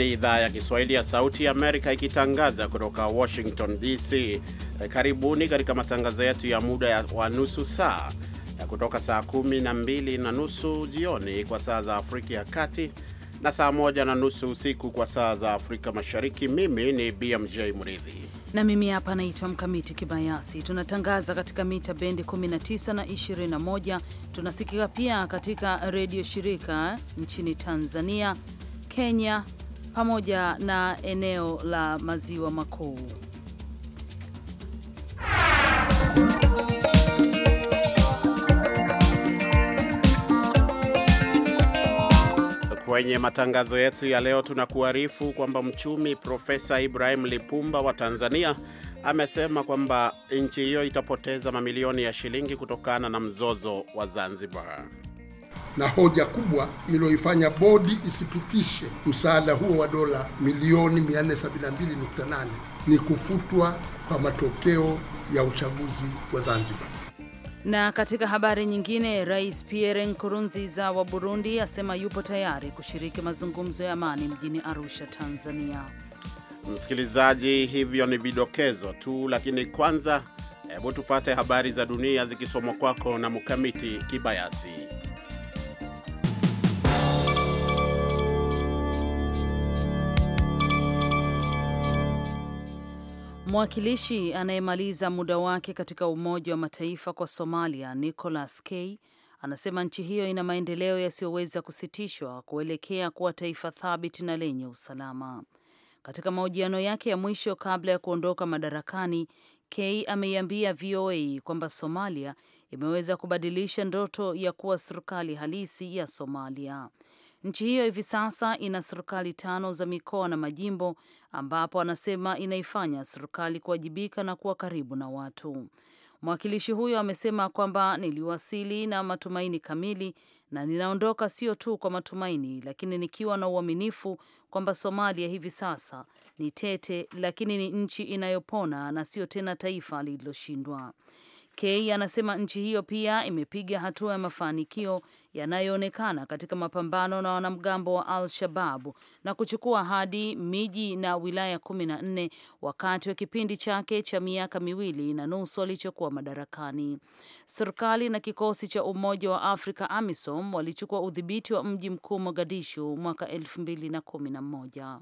ni idhaa ya Kiswahili ya Sauti ya Amerika ikitangaza kutoka Washington DC. Eh, karibuni katika matangazo yetu ya muda wa nusu saa ya kutoka saa kumi na mbili na nusu jioni kwa saa za Afrika ya Kati na saa moja na nusu usiku kwa saa za Afrika Mashariki. Mimi ni BMJ Mridhi na mimi hapa naitwa Mkamiti Kibayasi. Tunatangaza katika mita bendi 19 na 21. Tunasikika pia katika redio shirika nchini Tanzania, Kenya, pamoja na eneo la maziwa makuu. Kwenye matangazo yetu ya leo tunakuarifu kwamba mchumi Profesa Ibrahim Lipumba wa Tanzania amesema kwamba nchi hiyo itapoteza mamilioni ya shilingi kutokana na mzozo wa Zanzibar na hoja kubwa iliyoifanya bodi isipitishe msaada huo wa dola milioni 472.8 ni kufutwa kwa matokeo ya uchaguzi wa Zanzibar. Na katika habari nyingine, Rais Pierre Nkurunziza wa Burundi asema yupo tayari kushiriki mazungumzo ya amani mjini Arusha, Tanzania. Msikilizaji, hivyo ni vidokezo tu, lakini kwanza, hebu tupate habari za dunia zikisomwa kwako na Mkamiti Kibayasi. Mwakilishi anayemaliza muda wake katika Umoja wa Mataifa kwa Somalia, Nicholas K anasema nchi hiyo ina maendeleo yasiyoweza kusitishwa kuelekea kuwa taifa thabiti na lenye usalama. Katika mahojiano yake ya mwisho kabla ya kuondoka madarakani, K ameiambia VOA kwamba Somalia imeweza kubadilisha ndoto ya kuwa serikali halisi ya Somalia. Nchi hiyo hivi sasa ina serikali tano za mikoa na majimbo, ambapo anasema inaifanya serikali kuwajibika na kuwa karibu na watu. Mwakilishi huyo amesema kwamba niliwasili na matumaini kamili na ninaondoka sio tu kwa matumaini, lakini nikiwa na uaminifu kwamba Somalia hivi sasa ni tete, lakini ni nchi inayopona na sio tena taifa lililoshindwa. K anasema nchi hiyo pia imepiga hatua ya mafanikio yanayoonekana katika mapambano na wanamgambo wa Al Shababu na kuchukua hadi miji na wilaya kumi na nne wakati wa kipindi chake cha miaka miwili na nusu alichokuwa madarakani. Serikali na kikosi cha Umoja wa Afrika AMISOM walichukua udhibiti wa mji mkuu Mogadishu mwaka elfu mbili na kumi na moja.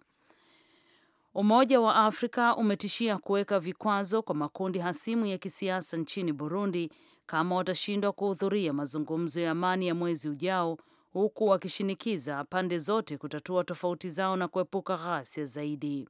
Umoja wa Afrika umetishia kuweka vikwazo kwa makundi hasimu ya kisiasa nchini Burundi kama watashindwa kuhudhuria mazungumzo ya amani ya mwezi ujao, huku wakishinikiza pande zote kutatua tofauti zao na kuepuka ghasia zaidi.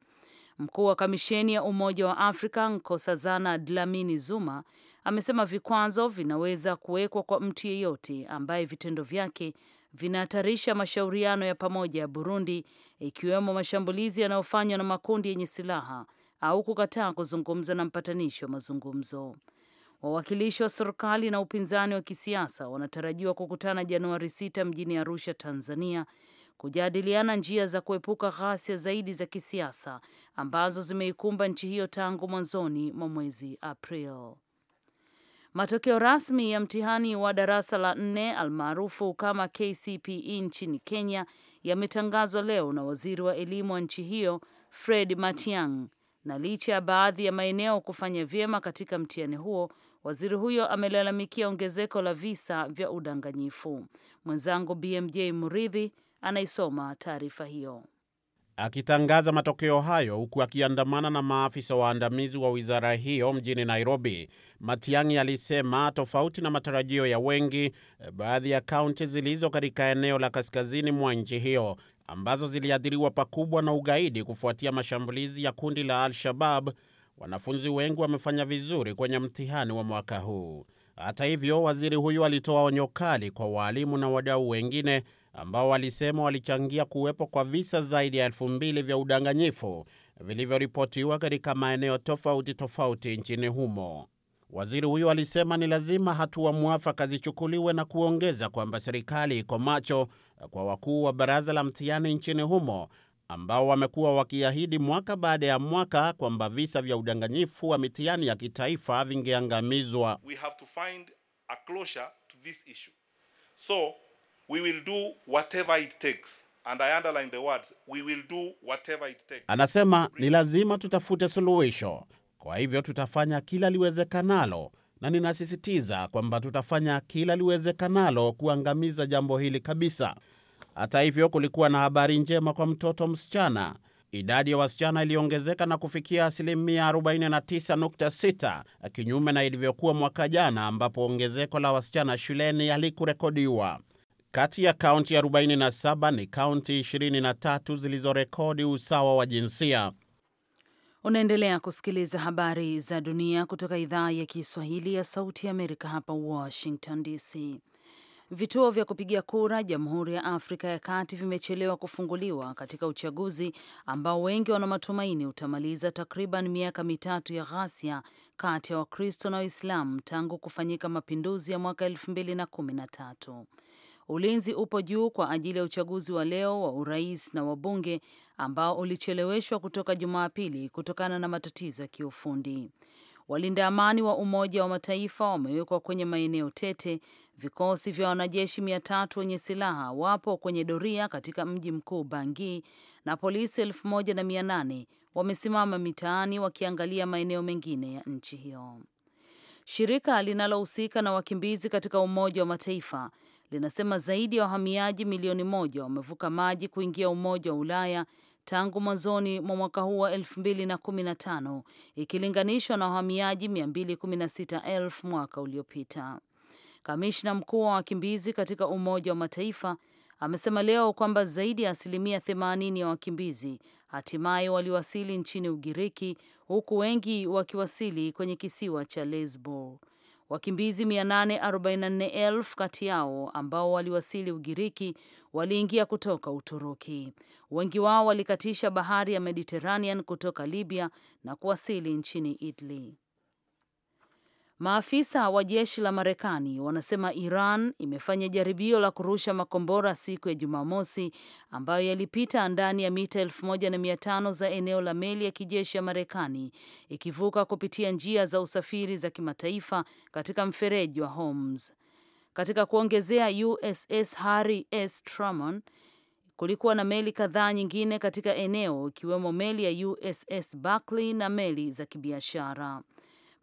Mkuu wa kamisheni ya Umoja wa Afrika Nkosazana Dlamini Zuma amesema vikwazo vinaweza kuwekwa kwa mtu yeyote ambaye vitendo vyake vinahatarisha mashauriano ya pamoja ya Burundi, ikiwemo mashambulizi yanayofanywa na makundi yenye silaha au kukataa kuzungumza na mpatanishi wa mazungumzo. Wawakilishi wa serikali na upinzani wa kisiasa wanatarajiwa kukutana Januari 6 mjini Arusha, Tanzania, kujadiliana njia za kuepuka ghasia zaidi za kisiasa ambazo zimeikumba nchi hiyo tangu mwanzoni mwa mwezi Aprili. Matokeo rasmi ya mtihani wa darasa la nne almaarufu kama KCPE nchini Kenya yametangazwa leo na waziri wa elimu wa nchi hiyo Fred matiang na licha ya baadhi ya maeneo kufanya vyema katika mtihani huo, waziri huyo amelalamikia ongezeko la visa vya udanganyifu. Mwenzangu BMJ Muridhi anaisoma taarifa hiyo akitangaza matokeo hayo huku akiandamana na maafisa waandamizi wa wizara hiyo mjini Nairobi. Matiang'i alisema tofauti na matarajio ya wengi, eh, baadhi ya kaunti zilizo katika eneo la kaskazini mwa nchi hiyo ambazo ziliathiriwa pakubwa na ugaidi kufuatia mashambulizi ya kundi la Al-Shabab, wanafunzi wengi wamefanya vizuri kwenye mtihani wa mwaka huu. Hata hivyo, waziri huyu alitoa onyo kali kwa waalimu na wadau wengine ambao walisema walichangia kuwepo kwa visa zaidi ya elfu mbili vya udanganyifu vilivyoripotiwa katika maeneo tofauti tofauti nchini humo. Waziri huyo alisema ni lazima hatua mwafaka zichukuliwe na kuongeza kwamba serikali iko macho kwa wakuu wa baraza la mtihani nchini humo ambao wamekuwa wakiahidi mwaka baada ya mwaka kwamba visa vya udanganyifu wa mitihani ya kitaifa vingeangamizwa. We have to find a closure to this issue. So We will do whatever it takes. And I underline the words, we will do whatever it takes. Anasema ni lazima tutafute suluhisho, kwa hivyo tutafanya kila liwezekanalo, na ninasisitiza kwamba tutafanya kila liwezekanalo kuangamiza jambo hili kabisa. Hata hivyo, kulikuwa na habari njema kwa mtoto msichana. Idadi ya wasichana iliongezeka na kufikia asilimia 49.6 kinyume na ilivyokuwa mwaka jana, ambapo ongezeko la wasichana shuleni halikurekodiwa. Kati ya kaunti 47 ni kaunti 23 zilizorekodi usawa wa jinsia. Unaendelea kusikiliza habari za dunia kutoka idhaa ya Kiswahili ya Sauti ya Amerika, hapa Washington DC. Vituo vya kupigia kura Jamhuri ya Afrika ya Kati vimechelewa kufunguliwa katika uchaguzi ambao wengi wana matumaini utamaliza takriban miaka mitatu ya ghasia kati ya Wakristo na Waislamu tangu kufanyika mapinduzi ya mwaka elfu mbili na kumi na tatu. Ulinzi upo juu kwa ajili ya uchaguzi wa leo wa urais na wabunge ambao ulicheleweshwa kutoka Jumapili kutokana na matatizo ya kiufundi. Walinda amani wa Umoja wa Mataifa wamewekwa kwenye maeneo tete. Vikosi vya wanajeshi mia tatu wenye silaha wapo kwenye doria katika mji mkuu Bangi, na polisi elfu moja na mia nane wamesimama mitaani wakiangalia maeneo mengine ya nchi hiyo. Shirika linalohusika na wakimbizi katika Umoja wa Mataifa linasema zaidi ya wahamiaji milioni moja wamevuka maji kuingia Umoja wa Ulaya tangu mwanzoni mwa mwaka huu wa 2015 ikilinganishwa na wahamiaji 216,000 mwaka uliopita. Kamishna mkuu wa wakimbizi katika Umoja wa Mataifa amesema leo kwamba zaidi ya asilimia 80 ya wakimbizi hatimaye waliwasili nchini Ugiriki, huku wengi wakiwasili kwenye kisiwa cha Lesbo. Wakimbizi 844,000 kati yao ambao waliwasili Ugiriki waliingia kutoka Uturuki. Wengi wao walikatisha bahari ya Mediterranean kutoka Libya na kuwasili nchini Italy. Maafisa wa jeshi la Marekani wanasema Iran imefanya jaribio la kurusha makombora siku ya Jumamosi ambayo yalipita ndani ya mita 1500 za eneo la meli ya kijeshi ya Marekani ikivuka kupitia njia za usafiri za kimataifa katika mfereji wa Hormuz. Katika kuongezea, USS Harry S. Truman kulikuwa na meli kadhaa nyingine katika eneo ikiwemo meli ya USS Buckley na meli za kibiashara.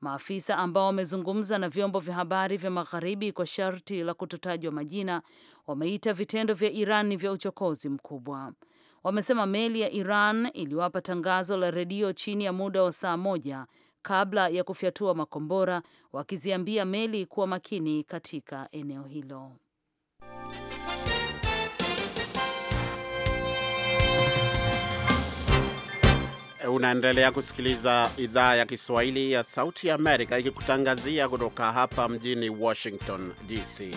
Maafisa ambao wamezungumza na vyombo vya habari vya magharibi kwa sharti la kutotajwa majina wameita vitendo vya Iran vya uchokozi mkubwa. Wamesema meli ya Iran iliwapa tangazo la redio chini ya muda wa saa moja kabla ya kufyatua makombora, wakiziambia meli kuwa makini katika eneo hilo. Unaendelea kusikiliza idhaa ya Kiswahili ya Sauti ya Amerika ikikutangazia kutoka hapa mjini Washington DC.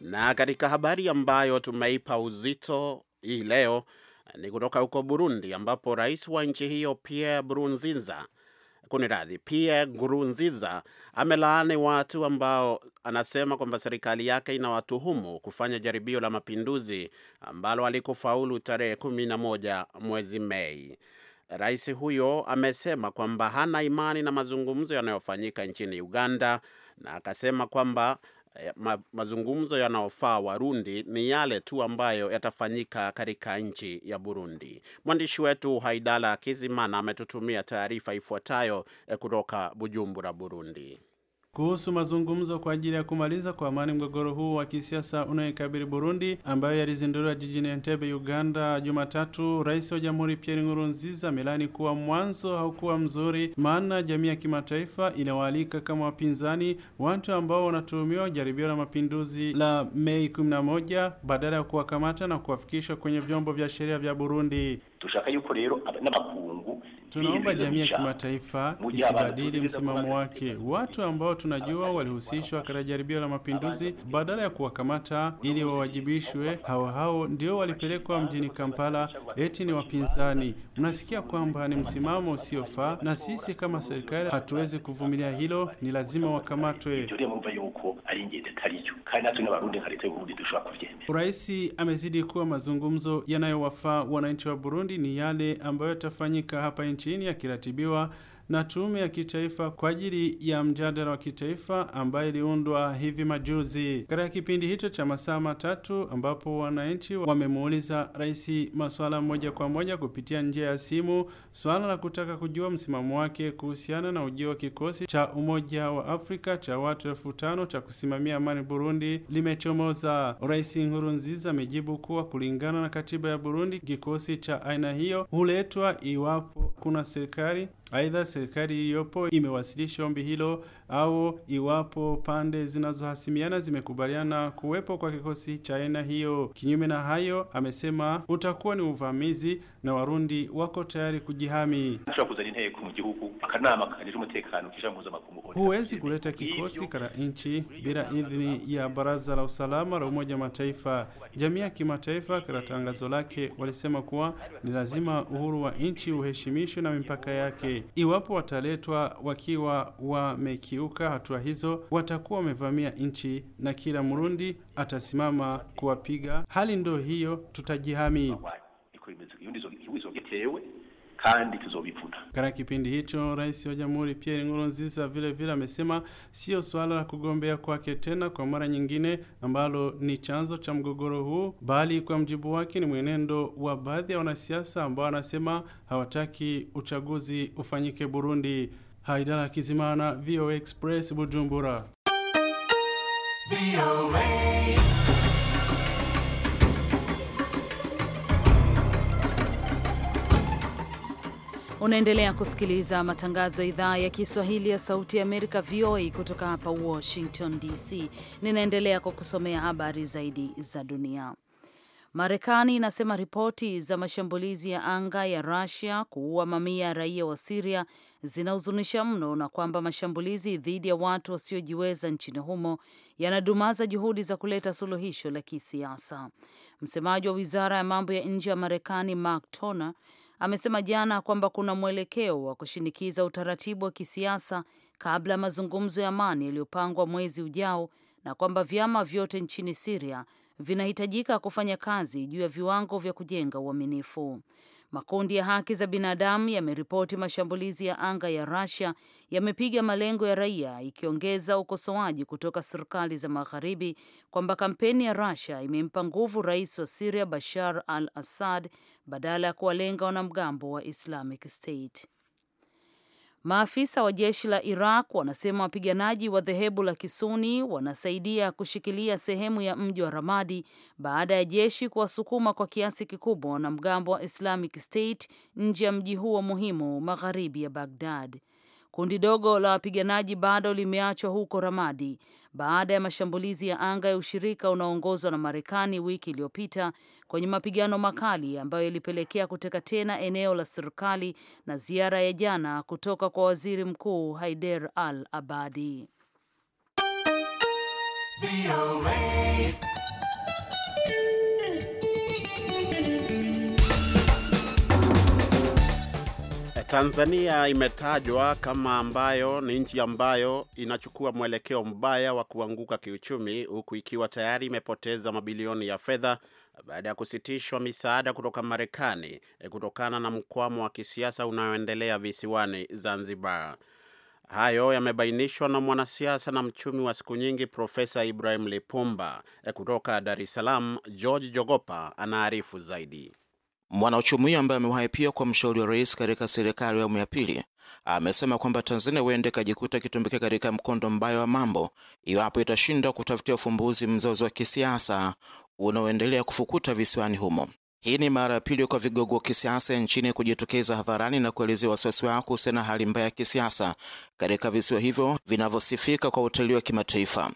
Na katika habari ambayo tumeipa uzito hii leo ni kutoka huko Burundi, ambapo rais wa nchi hiyo Pierre kuni radhi Pierre Nkurunziza amelaani watu ambao anasema kwamba serikali yake inawatuhumu kufanya jaribio la mapinduzi ambalo alikufaulu tarehe 11 mwezi Mei. Rais huyo amesema kwamba hana imani na mazungumzo yanayofanyika nchini Uganda na akasema kwamba eh, ma, mazungumzo yanayofaa Warundi ni yale tu ambayo yatafanyika katika nchi ya Burundi. Mwandishi wetu Haidala Kizimana ametutumia taarifa ifuatayo eh, kutoka Bujumbura, Burundi kuhusu mazungumzo kwa ajili ya kumaliza kwa amani mgogoro huu wa kisiasa unaoikabili Burundi, ambayo yalizinduliwa jijini Entebbe, Uganda Jumatatu. Rais wa Jamhuri Pierre Nkurunziza amelaani kuwa mwanzo haukuwa mzuri, maana jamii ya kimataifa inawaalika kama wapinzani watu ambao wanatuhumiwa jaribio la mapinduzi la Mei 11 badala ya kuwakamata na kuwafikishwa kwenye vyombo vya sheria vya Burundi. Tushaka yuko rero Tunaomba jamii ya kimataifa isibadili msimamo wake. Watu ambao tunajua walihusishwa katika jaribio la mapinduzi, badala ya kuwakamata ili wawajibishwe, hao hao ndio walipelekwa mjini Kampala eti ni wapinzani. Mnasikia kwamba ni msimamo usiofaa, na sisi kama serikali hatuwezi kuvumilia hilo, ni lazima wakamatwe kandi natwe n'abarundi nka leta y'uburundi dushobora kubyemera uraisi amezidi kuwa mazungumzo yanayowafaa wananchi wa burundi ni yale ambayo yatafanyika hapa nchini yakiratibiwa na tume ya kitaifa kwa ajili ya mjadala wa kitaifa ambayo iliundwa hivi majuzi. Katika kipindi hicho cha masaa matatu, ambapo wananchi wamemuuliza rais masuala moja kwa moja kupitia njia ya simu, swala la kutaka kujua msimamo wake kuhusiana na ujio wa kikosi cha Umoja wa Afrika cha watu elfu tano cha kusimamia amani Burundi limechomoza. Rais Nkurunziza amejibu kuwa kulingana na katiba ya Burundi, kikosi cha aina hiyo huletwa iwapo kuna serikali Aidha, serikali iliyopo imewasilisha ombi hilo au iwapo pande zinazohasimiana zimekubaliana kuwepo kwa kikosi cha aina hiyo. Kinyume na hayo, amesema utakuwa ni uvamizi na Warundi wako tayari kujihami akanama kaje umutekano kisha mpuzamakungu huwezi kuleta kikosi kala nchi bila idhini ya baraza la usalama la umoja mataifa jamii ya kimataifa kana tangazo lake walisema kuwa ni lazima uhuru wa nchi uheshimishwe na mipaka yake iwapo wataletwa wakiwa wamekiuka hatua hizo watakuwa wamevamia nchi na kila mrundi atasimama kuwapiga hali ndo hiyo tutajihami kandi tuzobivuna. Katika kipindi hicho Rais wa Jamhuri Pierre Nkurunziza vile vile amesema sio swala la kugombea kwake tena kwa mara nyingine ambalo ni chanzo cha mgogoro huu, bali kwa mjibu wake ni mwenendo wa baadhi ya wanasiasa ambao wanasema hawataki uchaguzi ufanyike Burundi. Haidara Kizimana, VOA Express, Bujumbura. VOA. Unaendelea kusikiliza matangazo ya idhaa ya Kiswahili ya Sauti ya Amerika, VOA, kutoka hapa Washington DC. Ninaendelea kukusomea habari zaidi za dunia. Marekani inasema ripoti za mashambulizi ya anga ya rasia kuua mamia ya raia wa Siria zinahuzunisha mno na kwamba mashambulizi dhidi ya watu wasiojiweza nchini humo yanadumaza juhudi za kuleta suluhisho la kisiasa. Msemaji wa wizara ya mambo ya nje ya Marekani Mark Toner amesema jana kwamba kuna mwelekeo wa kushinikiza utaratibu wa kisiasa kabla ya mazungumzo ya amani yaliyopangwa mwezi ujao na kwamba vyama vyote nchini Siria vinahitajika kufanya kazi juu ya viwango vya kujenga uaminifu. Makundi ya haki za binadamu yameripoti mashambulizi ya anga ya Russia yamepiga malengo ya raia, ikiongeza ukosoaji kutoka serikali za magharibi kwamba kampeni ya Russia imempa nguvu rais wa Syria Bashar al-Assad badala ya kuwalenga wanamgambo wa Islamic State. Maafisa wa jeshi la Iraq wanasema wapiganaji wa dhehebu la Kisuni wanasaidia kushikilia sehemu ya mji wa Ramadi baada ya jeshi kuwasukuma kwa kiasi kikubwa wanamgambo wa Islamic State nje ya mji huo muhimu magharibi ya Bagdad. Kundi dogo la wapiganaji bado limeachwa huko Ramadi baada ya mashambulizi ya anga ya ushirika unaoongozwa na Marekani wiki iliyopita kwenye mapigano makali ambayo yalipelekea kuteka tena eneo la serikali na ziara ya jana kutoka kwa Waziri Mkuu Haider al Abadi. Tanzania imetajwa kama ambayo ni nchi ambayo inachukua mwelekeo mbaya wa kuanguka kiuchumi huku ikiwa tayari imepoteza mabilioni ya fedha baada ya kusitishwa misaada kutoka Marekani e, kutokana na mkwamo wa kisiasa unaoendelea visiwani Zanzibar. Hayo yamebainishwa na mwanasiasa na mchumi wa siku nyingi Profesa Ibrahim Lipumba e, kutoka Dar es Salaam. George Jogopa anaarifu zaidi. Mwanauchumi huyo ambaye amewahi pia kwa mshauri wa rais katika serikali ya awamu ya pili amesema kwamba Tanzania huenda ikajikuta ikitumbukia katika mkondo mbaya wa mambo iwapo itashindwa kutafutia ufumbuzi mzozo wa kisiasa unaoendelea kufukuta visiwani humo. Hii ni mara ya pili kwa vigogo wa kisiasa nchini kujitokeza hadharani na kuelezea wasiwasi wao kuhusiana na hali mbaya ya kisiasa katika visiwa hivyo vinavyosifika kwa utalii wa kimataifa.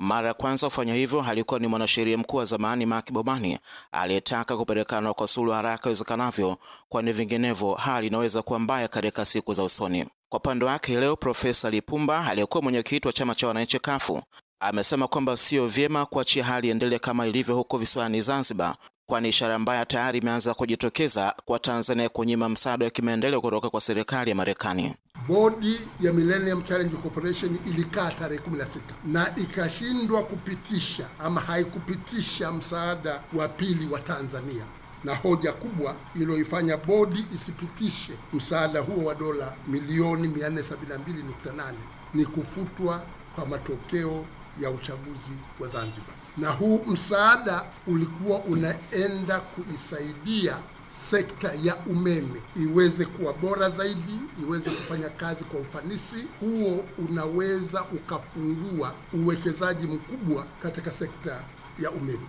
Mara ya kwanza kufanya hivyo alikuwa ni mwanasheria mkuu wa zamani Mark Bomani aliyetaka kupelekana kwa suluhu haraka iwezekanavyo, kwani vinginevyo hali inaweza kuwa mbaya katika siku za usoni. Kwa upande wake, leo Profesa Lipumba aliyekuwa mwenyekiti wa chama cha wananchi kafu amesema kwamba sio vyema kuachia hali iendelee kama ilivyo huko visiwani Zanzibar, kwani ishara mbaya tayari imeanza kujitokeza kwa Tanzania kunyima msaada wa kimaendeleo kutoka kwa serikali ya Marekani bodi ya Millennium Challenge Corporation ilikaa tarehe 16 na ikashindwa kupitisha ama haikupitisha msaada wa pili wa Tanzania na hoja kubwa iliyoifanya bodi isipitishe msaada huo wa dola milioni 472.8 ni kufutwa kwa matokeo ya uchaguzi wa Zanzibar, na huu msaada ulikuwa unaenda kuisaidia sekta ya umeme iweze kuwa bora zaidi, iweze kufanya kazi kwa ufanisi. Huo unaweza ukafungua uwekezaji mkubwa katika sekta ya umeme.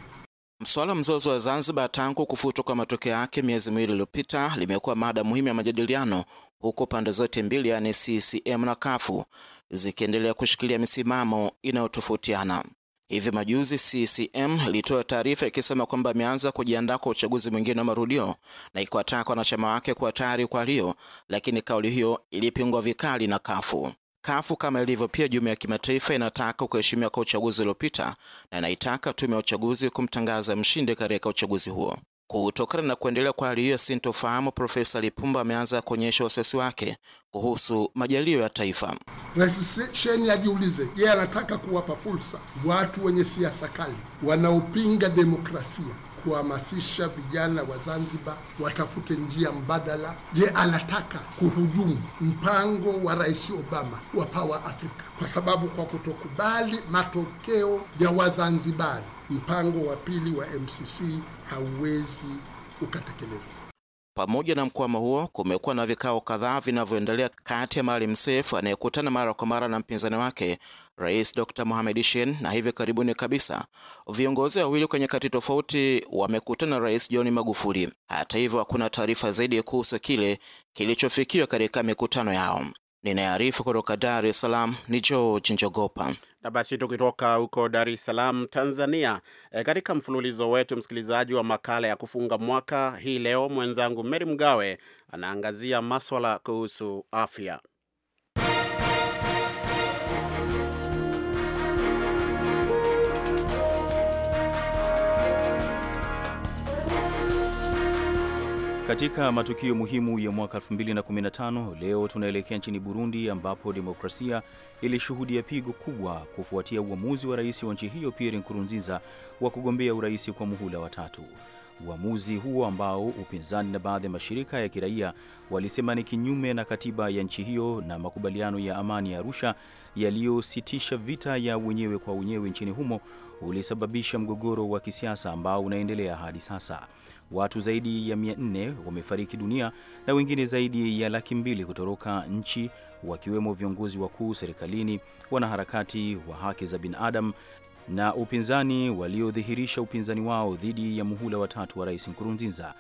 Mswala mzozo wa Zanzibar tangu kufutwa kwa matokeo yake miezi miwili iliyopita limekuwa mada muhimu ya majadiliano, huko pande zote mbili, yaani CCM na kafu zikiendelea kushikilia misimamo inayotofautiana. Hivi majuzi CCM ilitoa taarifa ikisema kwamba imeanza kujiandaa kwa uchaguzi mwingine wa marudio na ikiwataka wanachama wake kuwa tayari kwa hiyo, lakini kauli hiyo ilipingwa vikali na kafu kafu kama ilivyo pia jumuiya ya kimataifa inataka kuheshimiwa kwa uchaguzi uliopita na inaitaka tume ya uchaguzi kumtangaza mshindi katika uchaguzi huo. Kutokana na kuendelea kwa hali hiyo sintofahamu, Profesa Lipumba ameanza kuonyesha wasiwasi wake kuhusu majalio ya taifa. Rais Sheni ajiulize, je, anataka kuwapa fursa watu wenye siasa kali wanaopinga demokrasia kuhamasisha vijana wa Zanzibar watafute njia mbadala? Je, anataka kuhujumu mpango wa Rais Obama wa Power Africa? Kwa sababu kwa kutokubali matokeo ya Wazanzibari, mpango wa pili wa MCC hauwezi ukatekelezwa. Pamoja na mkwama huo, kumekuwa na vikao kadhaa vinavyoendelea kati ya Maalim Seif anayekutana mara kwa mara na mpinzani wake Rais Dr. Mohamed Shein, na hivi karibuni kabisa viongozi wawili kwenye kati tofauti wamekutana Rais John Magufuli. Hata hivyo, hakuna taarifa zaidi kuhusu kile kilichofikiwa katika mikutano yao. Ninayearifu kutoka Dar es Salaam ni George Njogopa. Na basi tukitoka huko Dar es Salaam, Tanzania, e, katika mfululizo wetu msikilizaji wa makala ya kufunga mwaka hii leo, mwenzangu Meri Mgawe anaangazia maswala kuhusu afya. Katika matukio muhimu ya mwaka 2015 leo tunaelekea nchini Burundi ambapo demokrasia ilishuhudia pigo kubwa kufuatia uamuzi wa rais wa nchi hiyo Pierre Nkurunziza wa kugombea urais kwa muhula wa tatu. Uamuzi huo ambao upinzani na baadhi ya mashirika ya kiraia walisema ni kinyume na katiba ya nchi hiyo na makubaliano ya amani ya Arusha yaliyositisha vita ya wenyewe kwa wenyewe nchini humo ulisababisha mgogoro wa kisiasa ambao unaendelea hadi sasa. Watu zaidi ya 400 wamefariki dunia na wengine zaidi ya laki mbili kutoroka nchi, wakiwemo viongozi wakuu serikalini, wanaharakati wa haki za binadamu na upinzani waliodhihirisha upinzani wao dhidi ya muhula watatu wa Rais Nkurunziza.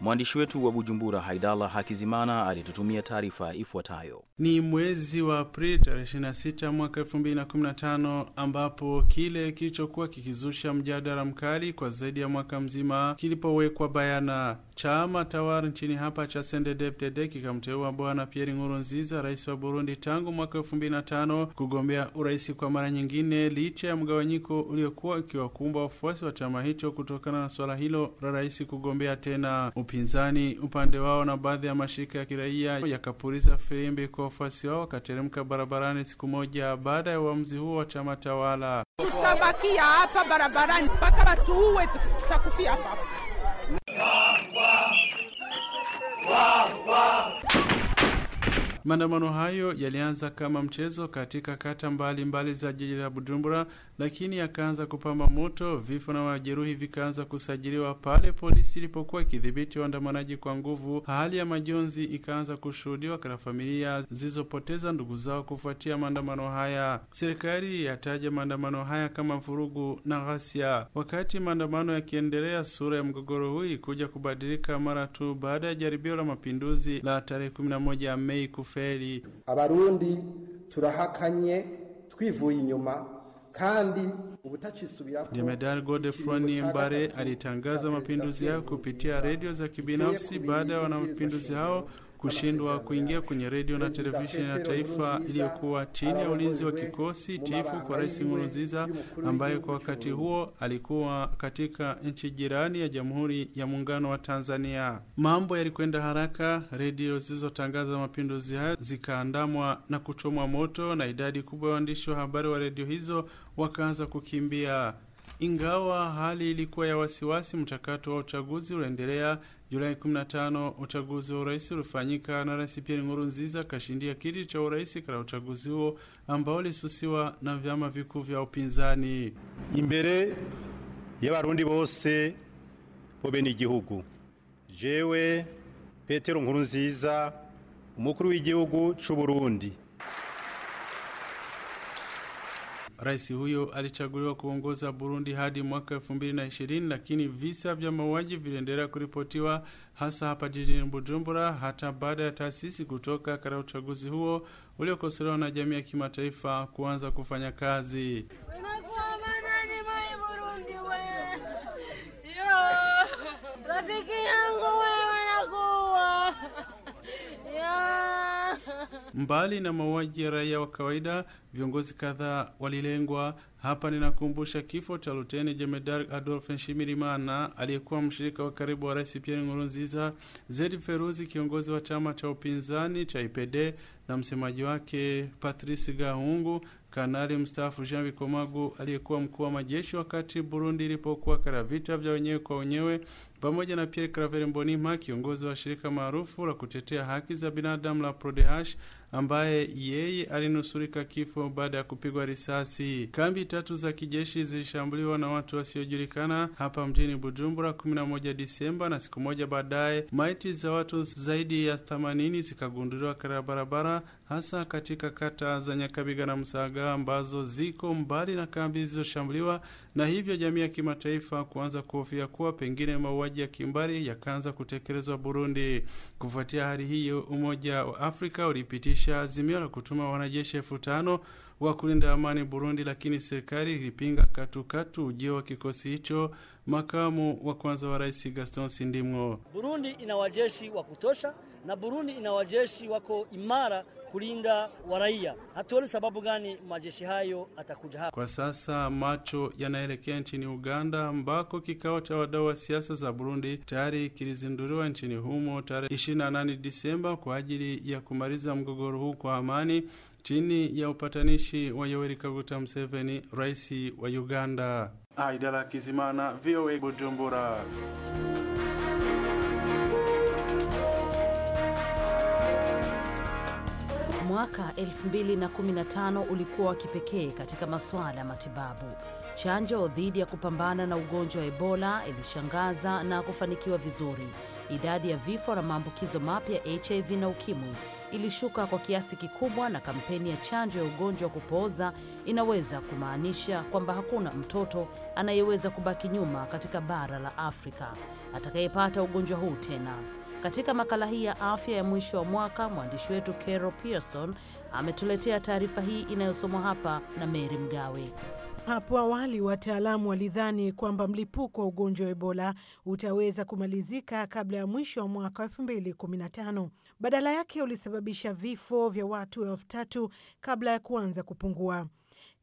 Mwandishi wetu wa Bujumbura, Haidala Hakizimana, alitutumia taarifa ifuatayo. Ni mwezi wa Aprili tarehe 26 mwaka 2015 ambapo kile kilichokuwa kikizusha mjadala mkali kwa zaidi ya mwaka mzima kilipowekwa bayana. Chama tawala nchini hapa cha CNDD-FDD kikamteua Bwana Pierre Nkurunziza, rais wa Burundi, tangu mwaka 2005 kugombea urais kwa mara nyingine, licha ya mgawanyiko uliokuwa ukiwakumba wafuasi wa chama hicho kutokana na swala hilo la rais kugombea tena upinzani upande wao na baadhi ya mashirika ya kiraia yakapuriza firimbi kwa wafuasi wao wakateremka barabarani siku moja baada ya uamuzi huo wa chama tawala. Tutabakia hapa barabarani mpaka watuue, tutakufia hapa. Maandamano hayo yalianza kama mchezo katika kata mbalimbali mbali za jiji la Bujumbura, lakini yakaanza kupamba moto. Vifo na majeruhi vikaanza kusajiliwa pale polisi ilipokuwa ikidhibiti waandamanaji kwa nguvu. Hali ya majonzi ikaanza kushuhudiwa katika familia zilizopoteza ndugu zao kufuatia maandamano haya. Serikali yataja maandamano haya kama vurugu na ghasia. Wakati maandamano yakiendelea, sura ya mgogoro huu ilikuja kubadilika mara tu baada ya jaribio la mapinduzi la tarehe 11 Mei kufe feri abarundi turahakanye twivuye inyuma kandi Jemedari Godefroy Nimbare alitangaza mapinduzi yao kupitia redio za kibinafsi baada ya wanamapinduzi hao kushindwa kuingia kwenye redio na televisheni ya taifa iliyokuwa chini ya ulinzi wa kikosi tifu kwa Rais Nkurunziza ambaye kwa wakati huo alikuwa katika nchi jirani ya Jamhuri ya Muungano wa Tanzania. Mambo yalikwenda haraka, redio zilizotangaza mapinduzi hayo zikaandamwa na kuchomwa moto, na idadi kubwa ya waandishi wa habari wa redio hizo wakaanza kukimbia. Ingawa hali ilikuwa ya wasiwasi, mchakato wa uchaguzi uliendelea Julai 15 uchaguzi wa urais ulifanyika na Rais Pierre Nkurunziza akashindia kiti cha urais katika uchaguzi huo ambao ulisusiwa na vyama vikuu vya upinzani. imbere y'abarundi bose bobe bene igihugu jewe Petero Nkurunziza umukuru w'igihugu c'u Burundi Rais huyo alichaguliwa kuongoza Burundi hadi mwaka ishirini, lakini visa vya mauaji viliendelea kuripotiwa hasa hapa jijini Bujumbura hata baada ya taasisi kutoka katika uchaguzi huo uliokosolewa na jamii ya kimataifa kuanza kufanya kazi. Rafiki yangu Mbali na mauaji ya raia wa kawaida, viongozi kadhaa walilengwa. Hapa ninakumbusha kifo cha Luteni Jemedar adolfe Nshimirimana, aliyekuwa mshirika wa karibu wa Rais Pierre Nkurunziza, Zedi Feruzi, kiongozi wa chama cha upinzani cha IPD na msemaji wake Patrice Gahungu, Kanali mstaafu Jean Bikomagu aliyekuwa mkuu wa majeshi wakati Burundi ilipokuwa katika vita vya wenyewe kwa wenyewe, pamoja na Pierre Claver mbonima kiongozi wa shirika maarufu la kutetea haki za binadamu la Prodehash ambaye yeye alinusurika kifo baada ya kupigwa risasi. Kambi tatu za kijeshi zilishambuliwa na watu wasiojulikana hapa mjini Bujumbura 11 Disemba, na siku moja baadaye maiti za watu zaidi ya 80 zikagunduliwa kara barabara hasa katika kata za Nyakabiga na Msaga ambazo ziko mbali na kambi zilizoshambuliwa, na hivyo jamii ya kimataifa kuanza kuhofia kuwa pengine mauaji ya kimbari yakaanza kutekelezwa Burundi. Kufuatia hali hiyo, Umoja wa Afrika ulipitisha azimio la kutuma wanajeshi elfu tano wa kulinda amani Burundi, lakini serikali ilipinga katukatu ujio wa kikosi hicho. Makamu wa kwanza wa rais Gaston Sindimwo: Burundi ina wajeshi wa kutosha na Burundi ina wajeshi wako imara kulinda waraia. Hatuoni sababu gani majeshi hayo atakuja hapa. Kwa sasa macho yanaelekea nchini Uganda ambako kikao cha wadau wa siasa za Burundi tayari kilizinduliwa nchini humo tarehe 28 Disemba kwa ajili ya kumaliza mgogoro huu kwa amani chini ya upatanishi wa Yoweri Kaguta Museveni, rais wa Uganda. Aidala Kizimana, VOA Bujumbura. Mwaka 2015 ulikuwa wa kipekee katika masuala ya matibabu. Chanjo dhidi ya kupambana na ugonjwa wa Ebola ilishangaza na kufanikiwa vizuri. Idadi ya vifo na maambukizo mapya HIV na ukimwi ilishuka kwa kiasi kikubwa, na kampeni ya chanjo ya ugonjwa wa kupooza inaweza kumaanisha kwamba hakuna mtoto anayeweza kubaki nyuma katika bara la Afrika atakayepata ugonjwa huu tena. Katika makala hii ya afya ya mwisho wa mwaka, mwandishi wetu Carol Pearson ametuletea taarifa hii inayosomwa hapa na Mary Mgawe. Hapo awali wataalamu walidhani kwamba mlipuko wa ugonjwa wa Ebola utaweza kumalizika kabla ya mwisho wa mwaka wa 215 badala yake ulisababisha vifo vya watu elfu tatu kabla ya kuanza kupungua.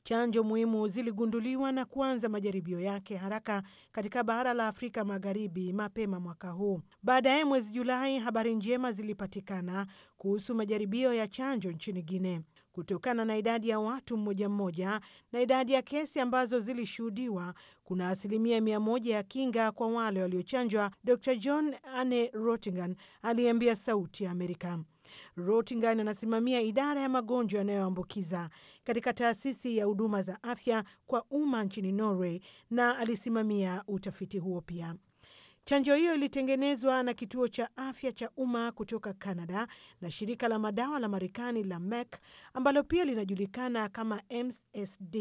Chanjo muhimu ziligunduliwa na kuanza majaribio yake haraka katika bara la Afrika Magharibi mapema mwaka huu. Baadaye mwezi Julai, habari njema zilipatikana kuhusu majaribio ya chanjo nchini Guinea. Kutokana na idadi ya watu mmoja mmoja na idadi ya kesi ambazo zilishuhudiwa, kuna asilimia mia moja ya kinga kwa wale waliochanjwa, Dr John Anne rotingan aliambia Sauti ya Amerika. rotingan anasimamia idara ya magonjwa yanayoambukiza katika taasisi ya huduma za afya kwa umma nchini Norway na alisimamia utafiti huo pia. Chanjo hiyo ilitengenezwa na kituo cha afya cha umma kutoka Canada na shirika la madawa la Marekani la Merck ambalo pia linajulikana kama MSD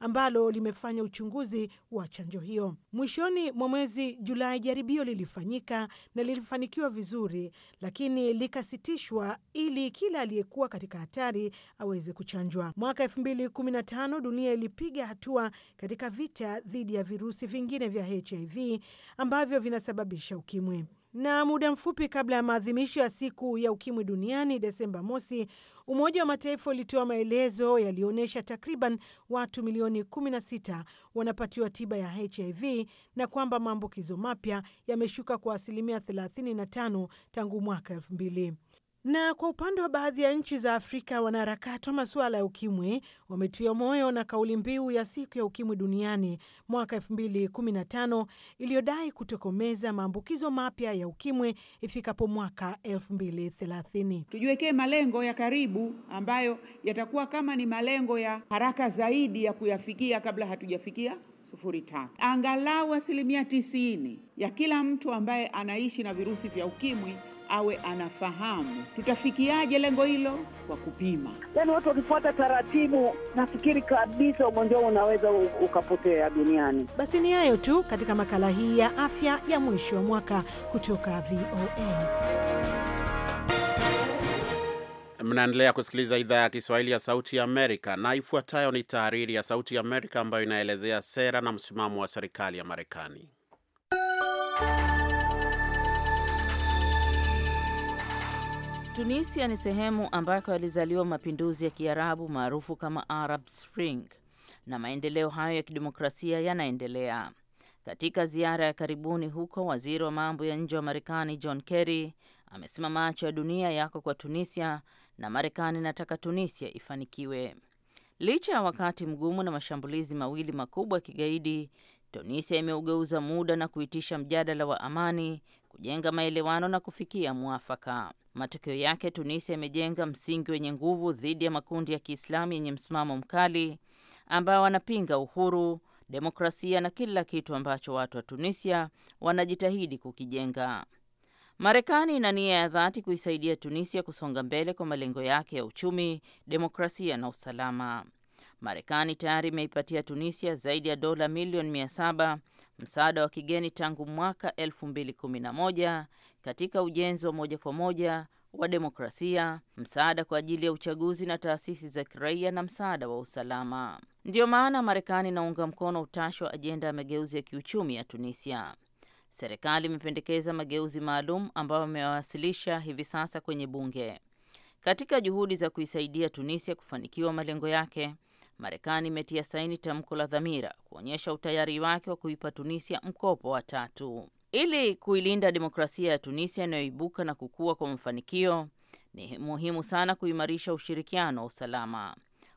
ambalo limefanya uchunguzi wa chanjo hiyo. Mwishoni mwa mwezi Julai, jaribio lilifanyika na lilifanikiwa vizuri, lakini likasitishwa ili kila aliyekuwa katika hatari aweze kuchanjwa. Mwaka 2015 dunia ilipiga hatua katika vita dhidi ya virusi vingine vya HIV ambavyo vina zinasababisha ukimwi. Na muda mfupi kabla ya maadhimisho ya siku ya ukimwi duniani Desemba mosi, Umoja wa Mataifa ulitoa maelezo yaliyoonyesha takriban watu milioni 16 wanapatiwa tiba ya HIV na kwamba maambukizo mapya yameshuka kwa asilimia 35 tangu mwaka 2000. Na kwa upande wa baadhi ya nchi za Afrika, wanaharakati wa masuala ya ukimwi wametia moyo na kauli mbiu ya siku ya ukimwi duniani mwaka 2015 iliyodai kutokomeza maambukizo mapya ya ukimwi ifikapo mwaka 2030. Tujiwekee malengo ya karibu ambayo yatakuwa kama ni malengo ya haraka zaidi ya kuyafikia kabla hatujafikia sufuri Angalau asilimia 90 ya kila mtu ambaye anaishi na virusi vya ukimwi awe anafahamu. Tutafikiaje lengo hilo? Kwa kupima. Yaani watu wakifuata taratibu, nafikiri kabisa ugonjwa unaweza ukapotea duniani. Basi ni hayo tu katika makala hii ya afya ya mwisho wa mwaka kutoka VOA. Mnaendelea kusikiliza idhaa ya Kiswahili ya Sauti ya Amerika, na ifuatayo ni tahariri ya Sauti ya Amerika ambayo inaelezea sera na msimamo wa serikali ya Marekani. Tunisia ni sehemu ambako yalizaliwa mapinduzi ya Kiarabu maarufu kama Arab Spring na maendeleo hayo ya kidemokrasia yanaendelea. Katika ziara ya karibuni huko, waziri wa mambo ya nje wa Marekani John Kerry amesema macho ya dunia yako kwa Tunisia na Marekani inataka Tunisia ifanikiwe. Licha ya wakati mgumu na mashambulizi mawili makubwa ya kigaidi, Tunisia imeugeuza muda na kuitisha mjadala wa amani, kujenga maelewano na kufikia mwafaka. Matokeo yake Tunisia imejenga msingi wenye nguvu dhidi ya makundi ya Kiislamu yenye msimamo mkali ambayo wanapinga uhuru, demokrasia na kila kitu ambacho watu wa Tunisia wanajitahidi kukijenga. Marekani ina nia ya dhati kuisaidia Tunisia kusonga mbele kwa malengo yake ya uchumi, demokrasia na usalama. Marekani tayari imeipatia Tunisia zaidi ya dola milioni mia saba msaada wa kigeni tangu mwaka 2011 katika ujenzi wa moja kwa moja wa demokrasia, msaada kwa ajili ya uchaguzi na taasisi za kiraia na msaada wa usalama. Ndiyo maana Marekani inaunga mkono utashi wa ajenda ya mageuzi ya kiuchumi ya Tunisia. Serikali imependekeza mageuzi maalum ambayo amewawasilisha hivi sasa kwenye bunge katika juhudi za kuisaidia Tunisia kufanikiwa malengo yake. Marekani imetia saini tamko la dhamira kuonyesha utayari wake wa kuipa Tunisia mkopo wa tatu ili kuilinda demokrasia ya Tunisia inayoibuka na kukua kwa mafanikio. Ni muhimu sana kuimarisha ushirikiano wa usalama.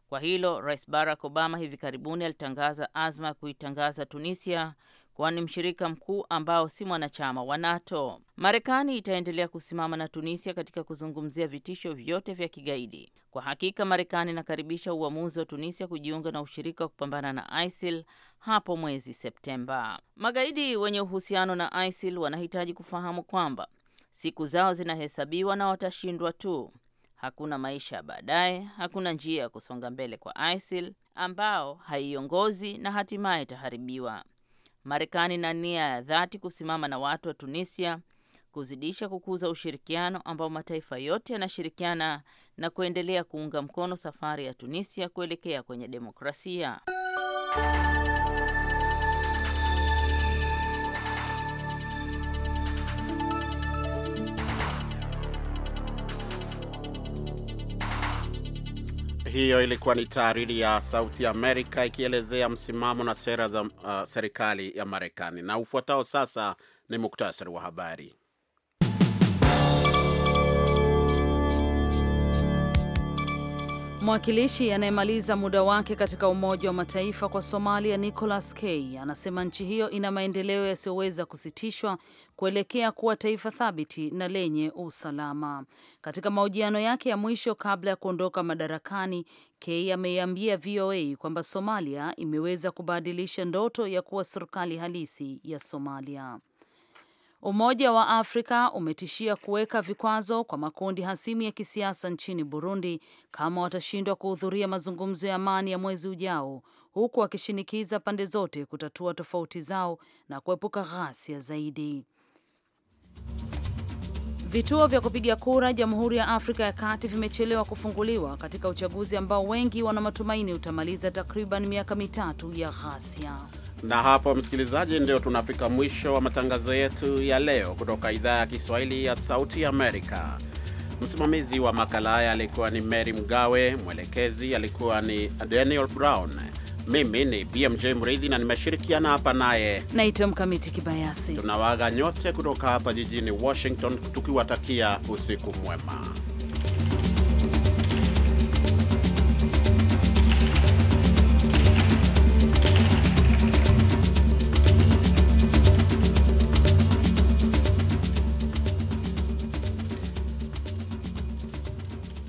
Kwa hilo, Rais Barack Obama hivi karibuni alitangaza azma ya kuitangaza Tunisia kwani mshirika mkuu ambao si mwanachama wa NATO. Marekani itaendelea kusimama na Tunisia katika kuzungumzia vitisho vyote vya kigaidi. Kwa hakika, Marekani inakaribisha uamuzi wa Tunisia kujiunga na ushirika wa kupambana na ISIL hapo mwezi Septemba. Magaidi wenye uhusiano na ISIL wanahitaji kufahamu kwamba siku zao zinahesabiwa na watashindwa tu. Hakuna maisha ya baadaye, hakuna njia ya kusonga mbele kwa ISIL ambao haiongozi na hatimaye itaharibiwa. Marekani ina nia ya dhati kusimama na watu wa Tunisia kuzidisha kukuza ushirikiano ambao mataifa yote yanashirikiana na kuendelea kuunga mkono safari ya Tunisia kuelekea kwenye demokrasia. Hiyo ilikuwa ni tahariri ya Sauti Amerika ikielezea msimamo na sera za uh, serikali ya Marekani. Na ufuatao sasa ni muktasari wa habari. Mwakilishi anayemaliza muda wake katika Umoja wa Mataifa kwa Somalia, Nicholas K anasema nchi hiyo ina maendeleo yasiyoweza kusitishwa kuelekea kuwa taifa thabiti na lenye usalama. Katika mahojiano yake ya mwisho kabla ya kuondoka madarakani, K ameiambia VOA kwamba Somalia imeweza kubadilisha ndoto ya kuwa serikali halisi ya Somalia. Umoja wa Afrika umetishia kuweka vikwazo kwa makundi hasimu ya kisiasa nchini Burundi kama watashindwa kuhudhuria mazungumzo ya amani ya mwezi ujao, huku wakishinikiza pande zote kutatua tofauti zao na kuepuka ghasia zaidi. Vituo vya kupiga kura Jamhuri ya Afrika ya Kati vimechelewa kufunguliwa katika uchaguzi ambao wengi wana matumaini utamaliza takriban miaka mitatu ya ghasia. Na hapo msikilizaji, ndio tunafika mwisho wa matangazo yetu ya leo kutoka idhaa ya Kiswahili ya Sauti Amerika. Msimamizi wa makala haya alikuwa ni Mary Mgawe, mwelekezi alikuwa ni Daniel Brown. Mimi ni BMJ Mridhi na nimeshirikiana hapa naye naitwa Mkamiti Kibayasi. Tunawaaga nyote kutoka hapa jijini Washington tukiwatakia usiku mwema.